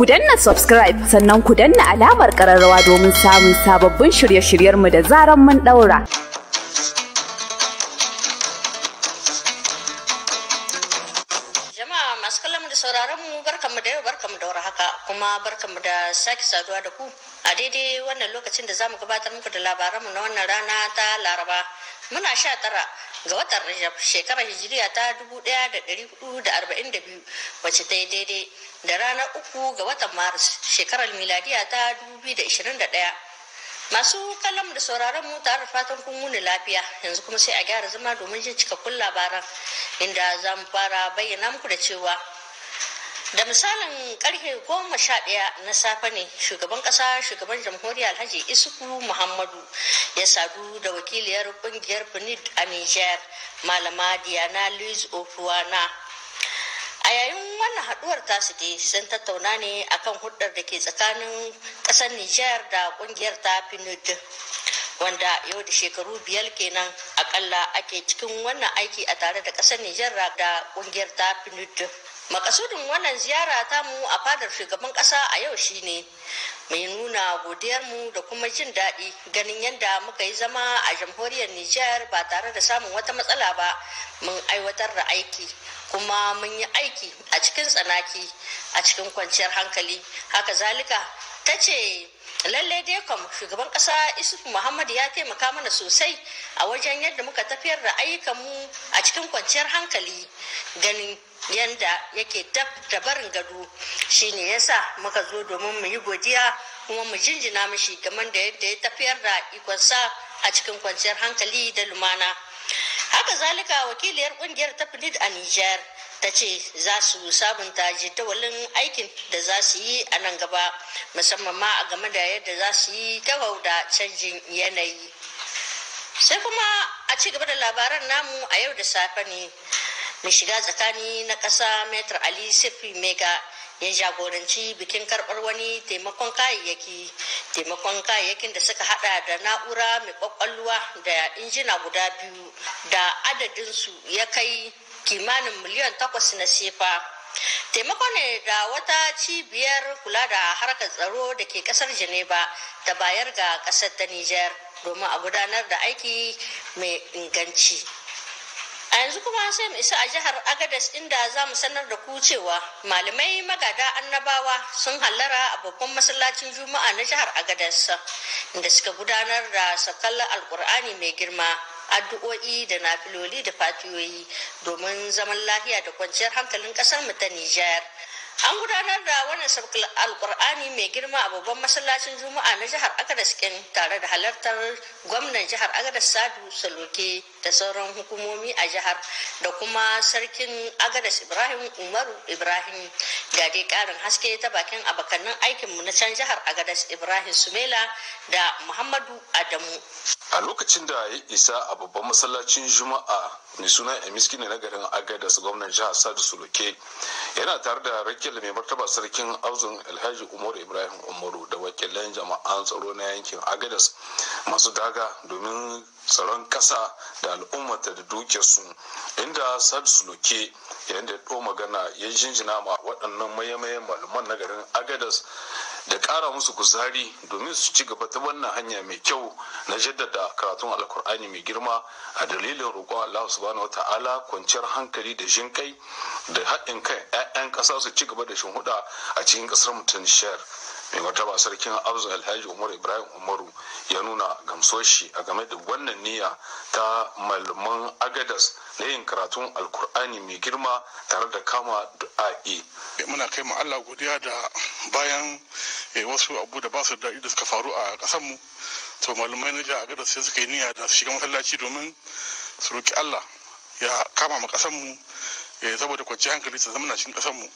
Ku danna subscribe sannan ku danna alamar ƙararrawa domin samun sababbin shirye-shiryenmu da zaran mun ɗaura. Jama'a masu kallon da sauraron mu barkanmu da yau barkanmu da haka kuma barkanmu da sake saduwa da ku a daidai wannan lokacin da zamu gabatar muku da labaranmu na wannan rana ta Laraba. Muna sha tara ga watan Rajab shekarar Hijiriya ta 1442 wacce ta yi daidai da ranar uku ga watan Maris shekarar miladiya ta 2021. Masu kalam da sauraron mu tare da fatan kun wuni lafiya yanzu kuma sai a gyara zama domin jin cikakkun labaran inda za mu fara bayyana muku da cewa da misalin karfe goma sha daya na safe ne shugaban kasa shugaban jamhuriya alhaji isuku muhammadu ya sadu da wakiliyar kungiyar benin a niger malama diana louise ofuana a yayin wannan haduwar tasu dai sun tattauna ne akan hudar da ke tsakanin ƙasar niger da kungiyar ta benin wanda yau da shekaru biyar kenan akalla ake cikin wannan aiki a tare da ƙasar niger da kungiyar ta benin makasudin wannan ziyara ta mu a fadar shugaban kasa a yau shine mai nuna godiyarmu da kuma jin daɗi ganin yadda muka yi zama a jamhuriyar niger ba tare da samun wata matsala ba mun aiwatar da aiki kuma mun yi aiki a cikin tsanaki a cikin kwanciyar hankali haka zalika ta ce lalle dai shugaban kasa isufu muhammad ya taimaka mana sosai a wajen yadda muka tafiyar da ayyukanmu a cikin kwanciyar hankali ganin yanda yake dab da barin gado shine yasa muka zo domin mu yi godiya kuma mu jinjina mishi game da yadda ya tafiyar da ikonsa a cikin kwanciyar hankali da lumana haka zalika wakiliyar kungiyar ta a niger ta ce za su sabunta jitawalin aikin da za su yi a nan gaba musamman ma a game da yadda za su yi tawau da canjin yanayi sai kuma a ci gaba da labaran namu a yau da safe ne mai shiga tsakani na ƙasa metro ali sirfi mega ya jagoranci bikin karbar wani taimakon kayayyaki taimakon kayayyakin da suka hada da na'ura mai kwakwalwa da injina guda biyu da adadinsu ya kai kimanin miliyan takwas na sefa taimako ne da wata cibiyar kula da harkar tsaro da ke kasar geneva ta bayar ga kasar ta niger domin a gudanar da aiki mai inganci A yanzu kuma sai mu isa a jihar agadas inda za mu sanar da ku cewa malamai magada annabawa sun hallara a babban masallacin Juma'a na jihar agadas inda suka gudanar da sakallar Alkur'ani mai girma addu'o'i da nafiloli da fatiyoyi domin zaman lafiya da kwanciyar hankalin kasar mu ta Nijar an gudanar da wannan sabkul alkur'ani mai girma a babban masallacin juma'a na jihar agadas kin tare da halartar gwamnan jihar agadas sadu saloke da sauran hukumomi a jihar da kuma sarkin agadas ibrahim umaru ibrahim ga dai karin haske ta bakin abakannin aikinmu na can jihar agadas ibrahim sumela da muhammadu adamu a lokacin da ya isa a babban masallacin juma'a mai suna emiski ne na garin agadas gwamnan jihar sadu saloke yana tare da rakil mai martaba sarkin auzun alhaji umar ibrahim umaru da wakilan jama'an tsaro na yankin agadas masu daga domin tsaron kasa da al'ummata da dukiyarsu inda sadu loke yayin da ya magana ya jinjina ma waɗannan mayamayan malaman na garin agadas da ƙara musu kuzari domin su ci gaba ta wannan hanya mai kyau na jaddada karatun alkur'ani mai girma a dalilin roƙon Allah subhanahu wata'ala kwanciyar hankali da jin kai da haɗin kan 'ya'yan ƙasa su ci gaba da huda a cikin ƙasar mutum mai martaba sarkin abu alhaji umar ibrahim umaru ya nuna gamsoshi a game da wannan niyya ta malaman agadas na yin karatun alkur'ani mai girma tare da kama du'a'i eh, muna kai mu allah godiya da bayan eh, wasu abu da ba su da suka faru a kasanmu to malamai na jihar agadas sai suka yi niyya da shiga masallaci domin su roki allah ya kama mu kasanmu eh, saboda kwanciyar hankali su zama na cikin kasanmu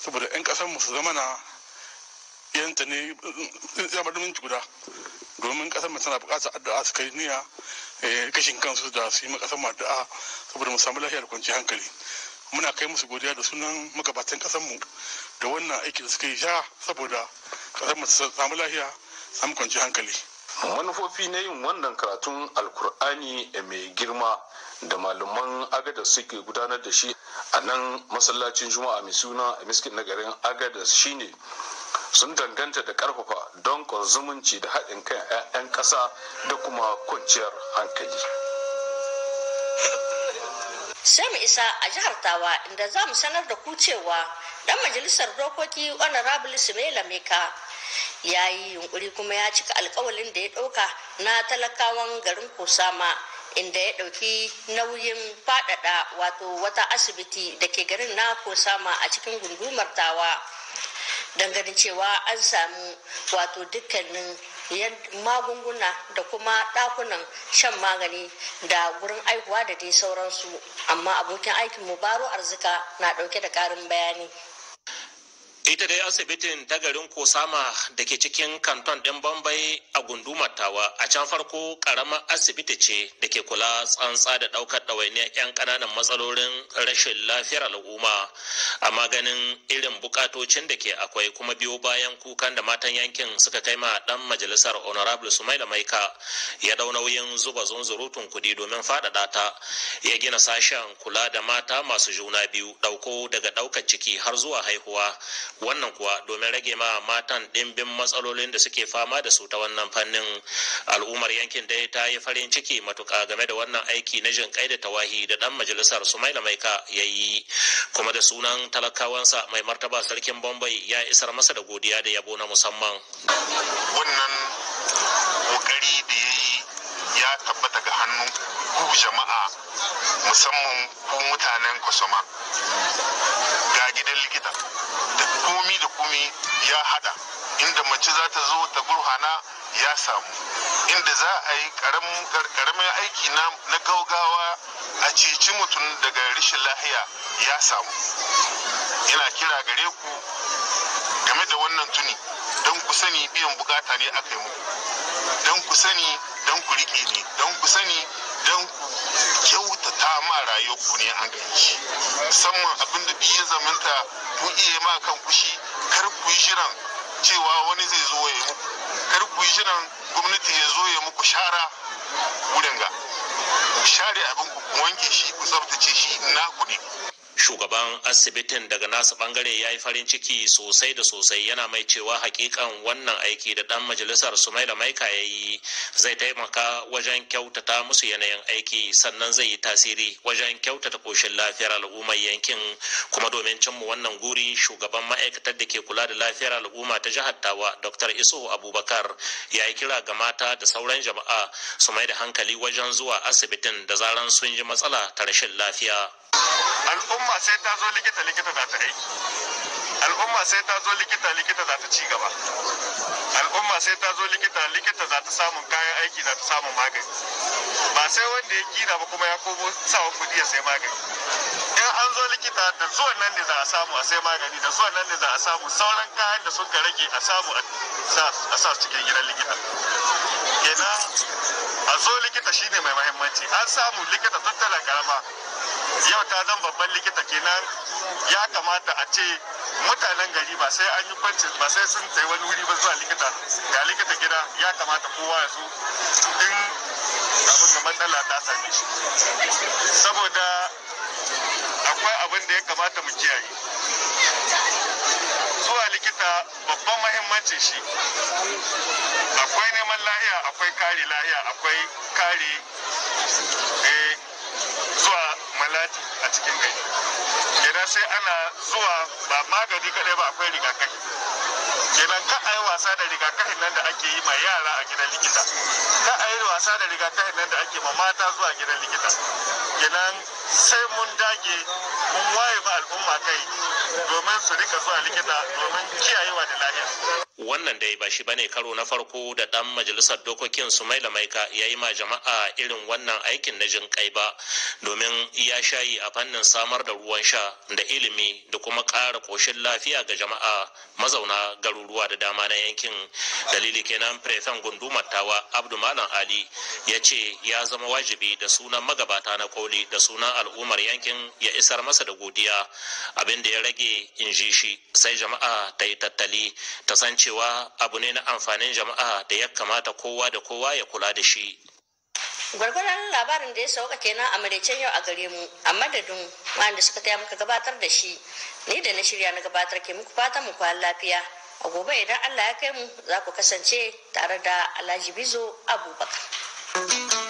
saboda 'yan mu su zama na yanta ne ya domin guda domin kasar mu tana bukatar addu'a su kai niyya kashin eh, kansu da su yi makasar kasar mu addu'a saboda mu samu da kwanciyar hankali muna kai musu godiya da sunan magabatan kasar mu da wannan aiki da suka yi sha saboda kasar mu samu lafiya samu kwanciyar hankali manufofi na yin wannan karatun alkur'ani mai girma da malaman agada suke gudanar da shi a nan masallacin juma'a mai suna a miskin na garin agada shine sun danganta da karfafa don zumunci da haɗin kan 'ya'yan ƙasa da kuma kwanciyar hankali sai mu isa a jihar tawa inda za mu sanar da ku cewa dan majalisar dokoki honorable simela meka ya yi yunkuri kuma ya cika alkawalin da ya ɗauka na talakawan garin kusama inda ya ɗauki nauyin faɗaɗa wato wata asibiti da ke garin na kusama a cikin gundumar tawa Dangane cewa an samu wato dukkanin magunguna da kuma ɗakunan shan magani da gurin aikuwa da dai sauransu amma abokin aikin mu baro arzika na dauke da ƙarin bayani ita dai asibitin ta garin kosama da ke cikin kanton ɗin bambai a gundumar tawa a can farko ƙaramar asibiti ce da ke kula tsantsa da ɗaukar ɗawainiyar 'yan ƙananan matsalolin rashin lafiyar al'umma A maganin irin bukatocin da ke akwai kuma biyo bayan kukan da matan yankin suka kai ma ɗan majalisar honorable sumaila maika ya dau nauyin zuba zunzurutun kuɗi domin faɗaɗa ta ya gina sashen kula da mata masu juna biyu ɗauko daga ɗaukar ciki har zuwa haihuwa wannan kuwa domin rage ma matan ɗimbin matsalolin da suke fama da su ta wannan fannin al'ummar yankin da ta yi farin ciki matuka game da wannan aiki na jin kai da tawahi da dan majalisar sumaila maika ya yi kuma da sunan talakawansa mai martaba sarkin bombay ya isar masa da godiya da yabo na musamman wannan kokari da ya yi ya tabbata ga hannun ku jama'a musamman ku mutanen kusuma. ga gidan likita da komi da komi ya hada inda mace za ta zo ta gurhana ya samu inda za a yi karamin aiki na gaugawa a ceci mutum daga rashin lahiya ya samu Ina kira gare ku game da wannan tuni don ku sani biyan bukata ne aka yi muku don ku sani don ku riƙe ne don ku sani don ku ma rayuwar ku ne an kanci musamman abin da ya zamanta ku iya ma kan kushi kar ku yi shirin cewa wani zai zo ya muku kar ku yi shirin gwamnati ya zo ya muku shara wurin ku share abin ku wanke shi ku tsaftace shi ku ne shugaban asibitin daga nasu bangare ya yi farin ciki sosai da sosai yana mai cewa hakikan wannan aiki da dan majalisar sumaila maika ya yi zai taimaka wajen kyautata musu yanayin aiki sannan zai yi tasiri wajen kyautata koshin lafiyar al'ummar yankin kuma domin cimma wannan guri shugaban ma'aikatar da ke kula da lafiyar al'umma ta jihar tawa dr Isu abubakar ya yi kira ga mata da sauran jama'a su mai da hankali wajen zuwa asibitin da zaran sun yi matsala ta rashin lafiya al'umma al'umma sai ta zo likita likita za ta aiki al'umma sai ta zo likita likita za ta ci gaba al'umma sai ta zo likita likita za ta samun kayan aiki za ta samun magani ba sai wanda ya gina ba kuma ya komo sawa kudi ya sai magani in an zo likita da zuwan nan ne za a samu a sai magani da zuwan nan ne za a samu sauran kayan da suka rage a samu a sa cikin gidan likita kenan a zo likita shine mai mahimmanci an samu likita tattalin karama yau ta zan babban likita kenan ya kamata a ce mutanen gari ba sai an yi kwanci ba sai sun tsaye wani wuri ba zuwa likita ga likita gida ya kamata kowa ya so in abin da matsala ta same shi saboda akwai abin da ya kamata mu kiyaye zuwa likita babban mahimmancin shi akwai neman lahiya akwai kare lahiya akwai kare eh, zuwa malati a cikin gari kenan sai ana zuwa ba magani kaɗai ba akwai rigakafi kenan ka a wasa da rigakafin nan da ake yi ma yara a gidan likita ka a wasa da rigakafin nan da ake ma mata zuwa gidan likita kenan sai mun dage mun waye ba al'umma kai domin su rika zuwa likita domin kiyayewa da lahiya wannan dai ba shi bane karo na farko da ɗan majalisar dokokin su mai maika ya yi ma jama'a irin wannan aikin na jin kai ba domin ya shayi a fannin samar da ruwan sha da ilimi da kuma ƙara ƙoshin lafiya ga jama'a mazauna garuruwa da dama na yankin dalili kenan prefen gundumar tawa abdu malam ali ya ce ya zama wajibi da sunan magabata na koli da sunan al'ummar yankin ya isar masa da godiya abin da ya rage in ji shi sai jama'a ta yi tattali ta san cewa abu ne na amfanin jama'a da ya kamata kowa da kowa ya kula da shi gwargwaron labarin da ya sauka kenan a maraicen yau a gare mu a madadin wanda suka taya muka gabatar da shi ni da na shirya na gabatar ke muku fata mu kwan lafiya a gobe idan allah ya kai mu za ku kasance tare da alhaji bizo abubakar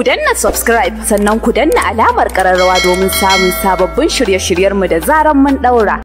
Ku danna subscribe sannan ku danna alamar ƙararrawa domin samun sababbin shirye-shiryenmu da zaran mun ɗaura.